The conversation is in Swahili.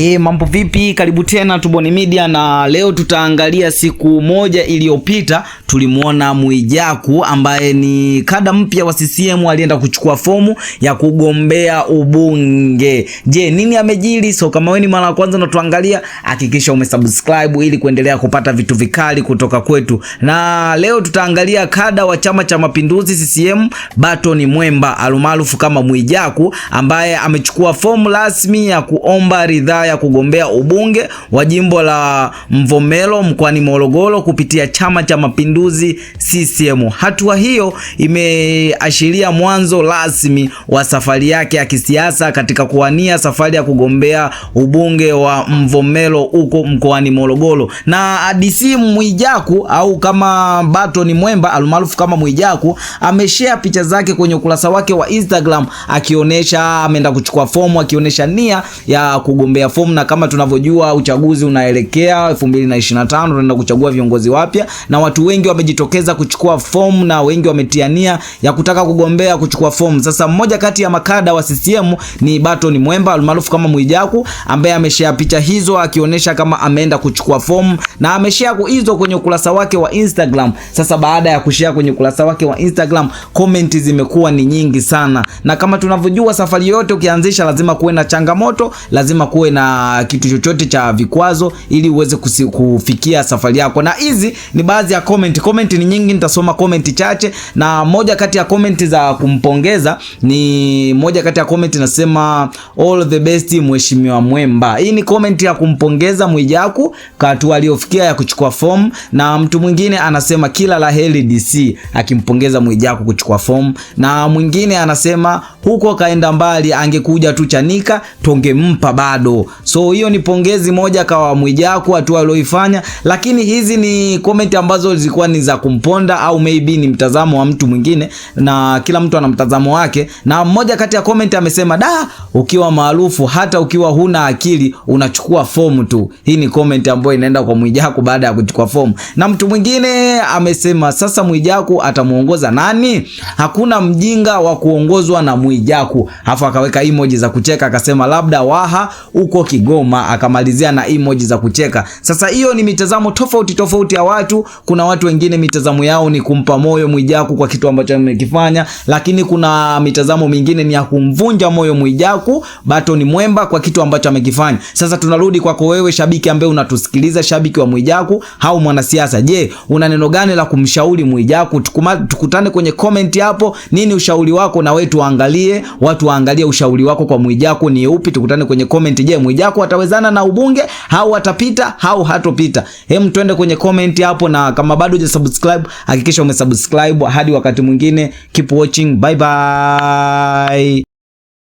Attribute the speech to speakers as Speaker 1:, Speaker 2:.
Speaker 1: E, mambo vipi? Karibu tena Tubone Media, na leo tutaangalia siku moja iliyopita tulimwona Mwijaku ambaye ni kada mpya wa CCM alienda kuchukua fomu ya kugombea ubunge. Je, nini amejiri? So kama wewe ni mara ya kwanza unatuangalia, hakikisha umesubscribe ili kuendelea kupata vitu vikali kutoka kwetu. Na leo tutaangalia kada wa Chama cha Mapinduzi CCM Baton Mwemba almaarufu kama Mwijaku ambaye amechukua fomu rasmi ya kuomba ridhaa ya kugombea ubunge wa jimbo la Mvomero mkoani Morogoro kupitia Chama cha Mapinduzi CCM. Hatua hiyo imeashiria mwanzo rasmi wa safari yake ya kisiasa katika kuwania safari ya kugombea ubunge wa Mvomero huko mkoani Morogoro. Na DC Mwijaku au kama Batoni Mwemba almaarufu kama Mwijaku ameshare picha zake kwenye ukurasa wake wa Instagram akionyesha ameenda kuchukua fomu, akionyesha nia ya kugombea fomu platform na kama tunavyojua uchaguzi unaelekea 2025 tunaenda kuchagua viongozi wapya, na watu wengi wamejitokeza kuchukua fomu na wengi wametiania ya kutaka kugombea kuchukua fomu. Sasa mmoja kati ya makada wa CCM ni Baton Mwemba almaarufu kama Mwijaku, ambaye ameshare picha hizo akionyesha kama ameenda kuchukua fomu na ameshare hizo kwenye ukurasa wake wa Instagram. Sasa baada ya kushare kwenye ukurasa wake wa Instagram, comment zimekuwa ni nyingi sana, na kama tunavyojua safari yote ukianzisha lazima kuwe na changamoto, lazima kuwe na na kitu chochote cha vikwazo ili uweze kufikia safari yako. Na hizi ni baadhi ya comment. Comment ni nyingi, nitasoma comment chache, na moja kati ya comment za kumpongeza ni moja kati ya comment nasema all the best mheshimiwa Mwemba. Hii ni comment ya kumpongeza Mwijaku katu aliyofikia ya kuchukua fomu, na mtu mwingine anasema kila la heri DC, akimpongeza Mwijaku kuchukua fomu, na mwingine anasema huko kaenda mbali, angekuja tu Chanika tungempa bado. So hiyo ni pongezi moja kwa Mwijaku hatua aliyoifanya, lakini hizi ni comment ambazo zilikuwa ni za kumponda au maybe ni mtazamo wa mtu mwingine, na kila mtu ana mtazamo wake. Na mmoja kati ya comment amesema da, ukiwa maarufu hata ukiwa huna akili unachukua fomu tu. Hii ni comment ambayo inaenda kwa Mwijaku baada ya kuchukua fomu, na mtu mwingine amesema sasa Mwijaku atamuongoza nani? Hakuna mjinga wa kuongozwa na Mwijaku. Hafu akaweka emoji za kucheka akasema labda Waha uko alikuwa Kigoma, akamalizia na emoji za kucheka. Sasa hiyo ni mitazamo tofauti tofauti ya watu. Kuna watu wengine mitazamo yao ni kumpa moyo Mwijaku kwa kitu ambacho amekifanya, lakini kuna mitazamo mingine ni ya kumvunja moyo Mwijaku ni Mwemba kwa kitu ambacho amekifanya. Sasa tunarudi kwako wewe shabiki ambaye unatusikiliza, shabiki wa Mwijaku au mwanasiasa. Je, una neno gani la kumshauri Mwijaku? Tukuma, tukutane kwenye comment hapo, nini ushauri wako na wewe tuangalie, watu waangalie ushauri wako kwa Mwijaku ni upi? Tukutane kwenye comment. Je, Mwijaku atawezana na ubunge au atapita au hatopita? Hem, twende kwenye comment hapo, na kama bado hujasubscribe hakikisha umesubscribe. Hadi wakati mwingine, keep watching, bye bye.